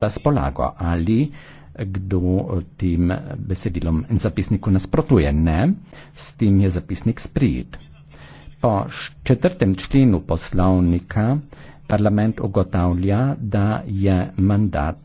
razpolago ali kdo tem besedilom in zapisniku nasprotuje. Ne, s tem je zapisnik sprijet. Po četrtem členu poslovnika parlament ugotavlja, da je mandat